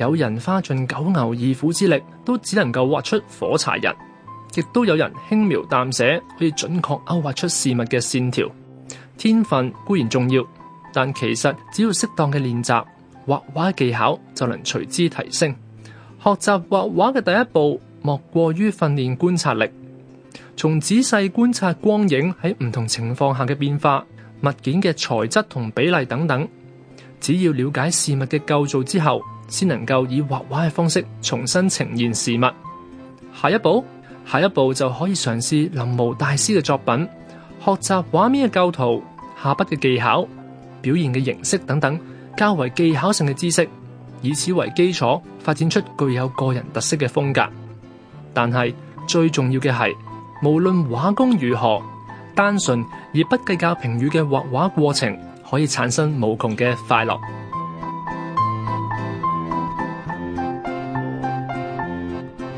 有人花盡九牛二虎之力，都只能夠畫出火柴人，亦都有人輕描淡寫，可以準確勾畫出事物嘅線條。天分固然重要，但其實只要適當嘅練習，畫畫技巧就能隨之提升。學習畫畫嘅第一步，莫過於訓練觀察力，從仔細觀察光影喺唔同情況下嘅變化、物件嘅材質同比例等等。只要了解事物嘅構造之後，先能夠以畫畫嘅方式重新呈現事物。下一步，下一步就可以嘗試臨摹大師嘅作品，學習畫面嘅構圖、下筆嘅技巧、表現嘅形式等等較為技巧性嘅知識。以此為基礎，發展出具有個人特色嘅風格。但係最重要嘅係，無論畫工如何，單純而不計較評語嘅畫畫過程，可以產生無窮嘅快樂。